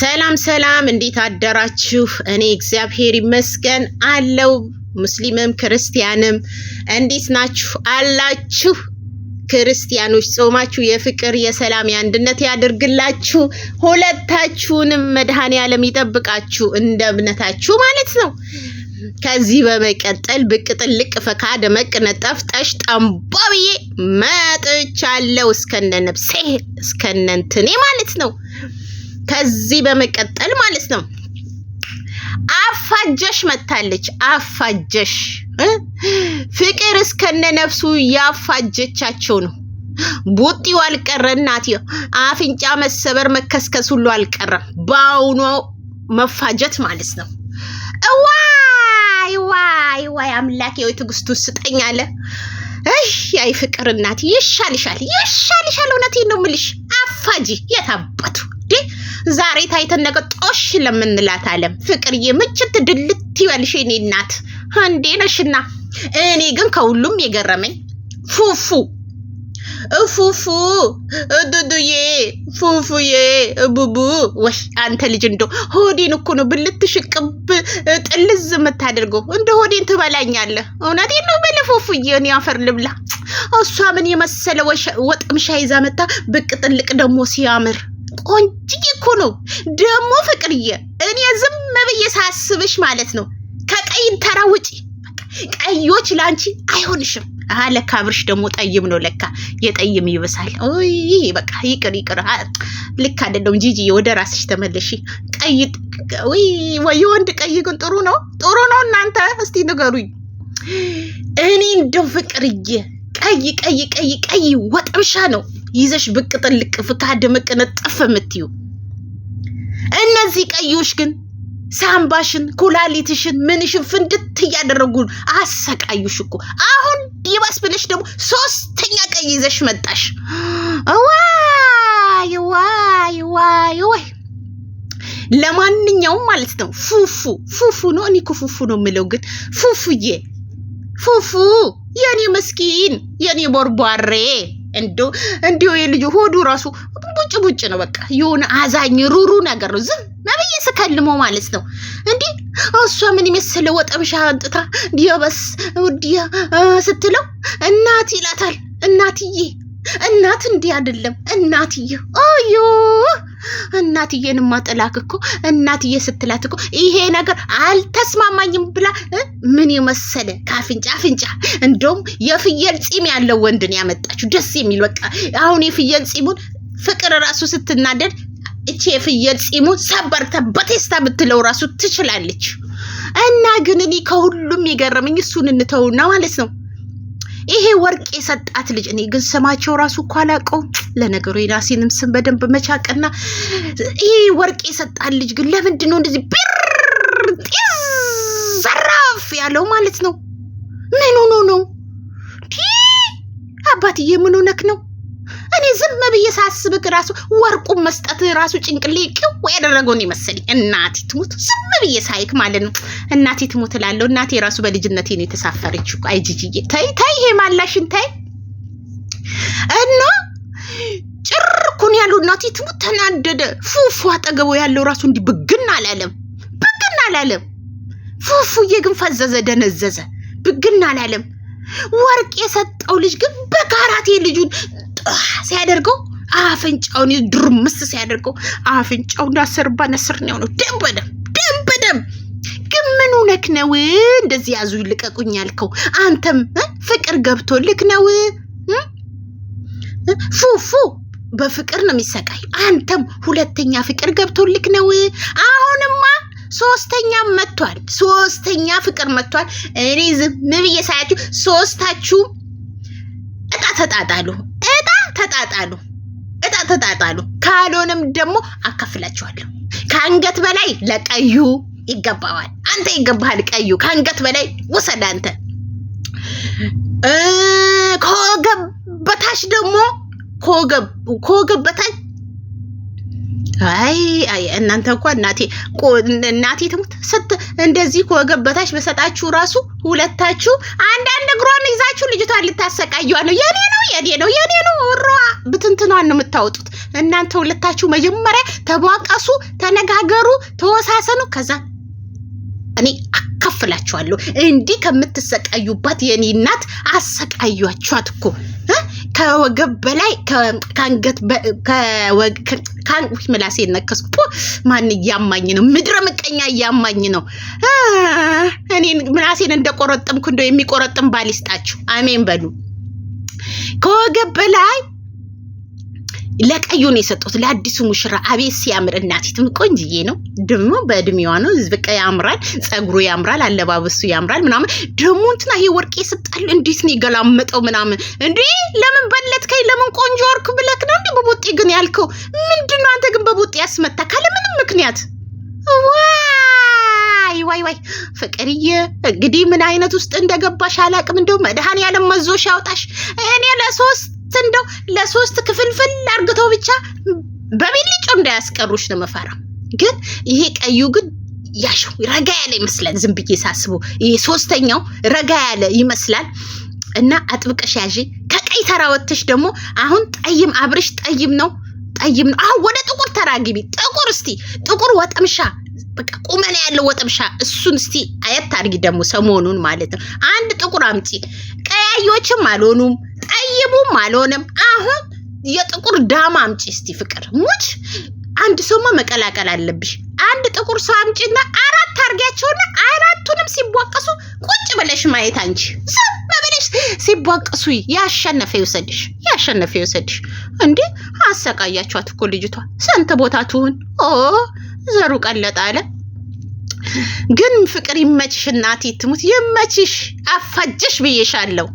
ሰላም ሰላም፣ እንዴት አደራችሁ? እኔ እግዚአብሔር ይመስገን አለው። ሙስሊምም ክርስቲያንም እንዴት ናችሁ አላችሁ? ክርስቲያኖች ጾማችሁ የፍቅር የሰላም የአንድነት ያድርግላችሁ። ሁለታችሁንም መድኃኔ ዓለም ይጠብቃችሁ እንደ እምነታችሁ ማለት ነው። ከዚህ በመቀጠል ብቅ ጥልቅ ፈካ ደመቅ ነጠፍ ጠሽ ጠንቧብዬ ብዬ መጥቻለሁ። እስከነ ነብሴ እስከነ እንትኔ ማለት ነው ከዚህ በመቀጠል ማለት ነው አፋጀሽ መታለች። አፋጀሽ ፍቅር እስከነ ነፍሱ ያፋጀቻቸው ነው። ቡጢው አልቀረ እናት አፍንጫ መሰበር መከስከስ ሁሉ አልቀረም። በአሁኗ መፋጀት ማለት ነው። እዋይ ዋይ ዋይ አምላኬ ወይ ትዕግስቱን ስጠኝ አለ። እይ ያይ ፍቅር እናት ይሻልሻል፣ ይሻልሻል። እውነቴን ነው የምልሽ አፋጂ የታበቱ ውዴ ዛሬ ታይተን ነገ ጦሽ ለምንላት አለም ፍቅርዬ ምችት ድልት ይበልሽ የኔ እናት እንዴ ነሽና። እኔ ግን ከሁሉም የገረመኝ ፉፉ ፉፉ ዱዱዬ ፉፉዬ ቡቡ ወይ አንተ ልጅ እንዶ ሆዴን እኮ ነው ብልት ሽቅብ ጥልዝ የምታደርገው እንደ ሆዴን ትበላኛለህ። እውነቴን ነው በለ ፉፉዬ፣ እኔ አፈር ልብላ። እሷ ምን የመሰለ ወጥ ምሻ ይዛ መታ ብቅ ጥልቅ ደግሞ ሲያምር ቆንጅዬ እኮ ነው ደግሞ ፍቅርዬ። እኔ ዝም ብዬ ሳስብሽ ማለት ነው ከቀይን ተራ ውጪ ቀዮች ለአንቺ አይሆንሽም። አሀ ለካ አብርሽ ደግሞ ጠይም ነው ለካ የጠይም ይብሳል። ይህ በቃ ይቅር ይቅር፣ ልክ አይደለም። ጂጂ ወደ ራስሽ ተመለሺ። ቀይ የወንድ ቀይ ግን ጥሩ ነው ጥሩ ነው። እናንተ እስቲ ንገሩኝ። እኔ እንደው ፍቅርዬ ቀይ ቀይ ቀይ ቀይ ወጥብሻ ነው ይዘሽ ብቅ ጥልቅ ፍካ ደመቅ ነጠፍ የምትዩ እነዚህ ቀዮች ግን ሳምባሽን፣ ኩላሊትሽን፣ ምንሽን ፍንድት እያደረጉ አሰቃዩሽ እኮ። አሁን ይባስ ብለሽ ደግሞ ሶስተኛ ቀይ ይዘሽ መጣሽ። ዋይ ዋይ ዋይ ዋይ! ለማንኛውም ማለት ነው ፉፉ ፉፉ ነው። እኔ እኮ ፉፉ ነው የምለው ግን ፉፉዬ ፉፉ የኔ መስኪን የኔ ቦርቧሬ እንደው እንዲሁ የልጁ ሆዱ ራሱ ቡጭ ቡጭ ነው። በቃ የሆነ አዛኝ ሩሩ ነገር ነው። ዝም ነብይ ስከልሞ ማለት ነው። እንዲህ እሷ ምን ይመስል ወጠምሻ አንጥታ ዲያበስ ውዲያ ስትለው እናት ይላታል። እናትዬ እናት እንዲህ አይደለም። እናትዬ አዩ እናትዬንማ ማጥላክ እኮ እናትዬ ስትላት እኮ ይሄ ነገር አልተስማማኝም ብላ ምን የመሰለ ከአፍንጫ አፍንጫ እንደውም የፍየል ፂም ያለው ወንድን ያመጣችሁ ደስ የሚል በቃ አሁን የፍየል ፂሙን ፍቅር ራሱ ስትናደድ እቺ የፍየል ፂሙን ሰበርታ በቴስታ ብትለው ራሱ ትችላለች። እና ግን እኔ ከሁሉም የገረመኝ እሱን እንተውና ማለት ነው ይሄ ወርቅ የሰጣት ልጅ እኔ ግን ስማቸው ራሱ እኮ አላውቀውም። ለነገሩ የናሲንም ስም በደንብ መቻቅና ይሄ ወርቅ የሰጣት ልጅ ግን ለምንድን ነው እንደዚህ ብር ዘራፍ ያለው ማለት ነው? ምን ሆኖ ነው? አባትዬ ምን ሆነክ ነው? እኔ ዝም ብዬ ሳስብክ ራሱ ወርቁን መስጠት ራሱ ጭንቅሌ ቅው ያደረገውን ይመስልኝ። እናቴ ትሙት ዝም ብዬ ሳይክ ማለት ነው። እናቴ ትሙት እላለሁ። እናቴ ራሱ በልጅነቴ ነው የተሳፈረችው። አይ ጂጂዬ ተይ ተይ፣ ይሄ ማላሽን ተይ እና ጭርኩን ያለው እናቴ ትሙት ተናደደ። ፉፉ አጠገቡ ያለው ራሱ እንዲህ ብግን አላለም፣ ብግን አላለም። ፉፉዬ ግን ፈዘዘ፣ ደነዘዘ፣ ብግን አላለም። ወርቅ የሰጠው ልጅ ግን በካራቴ ልጁን ሲያደርገው አፍንጫውን ድርምስ ሲያደርገው አፍንጫው እንዳሰርባ ነስር ነው ነው። ደም በደም ደም በደም ግን ምን ነክ ነው እንደዚህ ያዙ ይልቀቁኝ ያልከው? አንተም ፍቅር ገብቶ ልክ ነው። ፉፉ በፍቅር ነው የሚሰቃይ። አንተም ሁለተኛ ፍቅር ገብቶ ልክ ነው። አሁንማ ሶስተኛ መጥቷል። ሶስተኛ ፍቅር መጥቷል። እኔ ዝም ብዬ ሳያችሁ ሶስታችሁ እጣ ተጣጣሉ። እ ተጣጣሉ፣ እጣ ተጣጣሉ። ካልሆነም ደግሞ አካፍላችኋለሁ። ከአንገት በላይ ለቀዩ ይገባዋል። አንተ ይገባሃል። ቀዩ ከአንገት በላይ ውሰድ አንተ ከወገብ በታች ደግሞ ከወገብ በታች አይ አይ እናንተ እኮ እናቴ እናቴ ትሙት ስት እንደዚህ ከወገብ በታች በሰጣችሁ ራሱ ሁለታችሁ አንዳንድ እግሯን ይዛችሁ ልጅቷን ልታሰቃዩ ነው። የኔ ነው የኔ ነው የኔ ነው ሮ ብትንትኗን ነው የምታወጡት እናንተ ሁለታችሁ። መጀመሪያ ተቧቀሱ፣ ተነጋገሩ፣ ተወሳሰኑ። ከዛ እኔ አካፍላችኋለሁ። እንዲህ ከምትሰቃዩባት የኔ እናት አሰቃያችኋት እኮ ከወገብ በላይ ከአንገት ምላሴ የነከስኩ ማን እያማኝ ነው? ምድረ ምቀኛ እያማኝ ነው። እኔ ምላሴን እንደቆረጥምኩ እንደው የሚቆረጥም ባል ይስጣችሁ። አሜን በሉ ከወገብ በላይ ለቀዩ ነው የሰጡት ለአዲሱ ሙሽራ። አቤት ሲያምር! እናቲቱም ቆንጅዬ ነው ደግሞ በእድሜዋ ነው። በቃ ያምራል፣ ጸጉሩ ያምራል፣ አለባበሱ ያምራል ምናምን። ደግሞ እንትና ይሄ ወርቅ የሰጣል እንዴት ነው የገላመጠው ምናምን። እንዴ ለምን በለትከኝ? ለምን ቆንጆ ወርክ ብለክ ነው እንዴ በቦጤ ግን ያልከው ምንድን ነው? አንተ ግን በቦጤ ያስመታ ካለ ምንም ምክንያት ዋይ ዋይ ዋይ ፍቅርዬ፣ እንግዲህ ምን አይነት ውስጥ እንደገባሽ አላቅም። እንደው መድኃኔዓለም መዞሽ ያውጣሽ። እኔ ለሶስት እንደው ለሶስት ክፍልፍል አርግተው ብቻ በቢልጮ እንዳያስቀሩሽ ነው መፈራ። ግን ይሄ ቀዩ ግን ያሸው ረጋ ያለ ይመስላል። ዝም ብዬ ሳስቡ ይሄ ሶስተኛው ረጋ ያለ ይመስላል። እና አጥብቀሽ ያዢ። ከቀይ ተራ ወጥተሽ ደግሞ አሁን ጠይም አብርሽ ጠይም ነው ጠይም ነው። አሁን ወደ ጥቁር ተራ ግቢ። ጥቁር እስቲ ጥቁር ወጠምሻ በቃ ቁመና ያለው ወጠምሻ እሱን እስቲ አየት አድርጊ ደግሞ ሰሞኑን ማለት ነው። አንድ ጥቁር አምጪ። ቀያዮችም አልሆኑም ገቡም አልሆነም። አሁን የጥቁር ዳማ አምጪ እስቲ ፍቅር ሙች አንድ ሰውማ መቀላቀል አለብሽ። አንድ ጥቁር ሰው አምጪና አራት አርጊያቸውና አራቱንም ሲቧቀሱ ቁጭ ብለሽ ማየት አንቺ ዝም ብለሽ ሲቧቀሱ ያሸነፈ ይውሰድሽ፣ ያሸነፈ ይውሰድሽ። እንዴ አሰቃያችኋት እኮ ልጅቷ። ስንት ቦታ ትሁን? ኦ ዘሩ ቀለጠ አለ። ግን ፍቅር ይመችሽ፣ እናቴ ትሙት ይመችሽ፣ አፋጀሽ ብዬሻለሁ።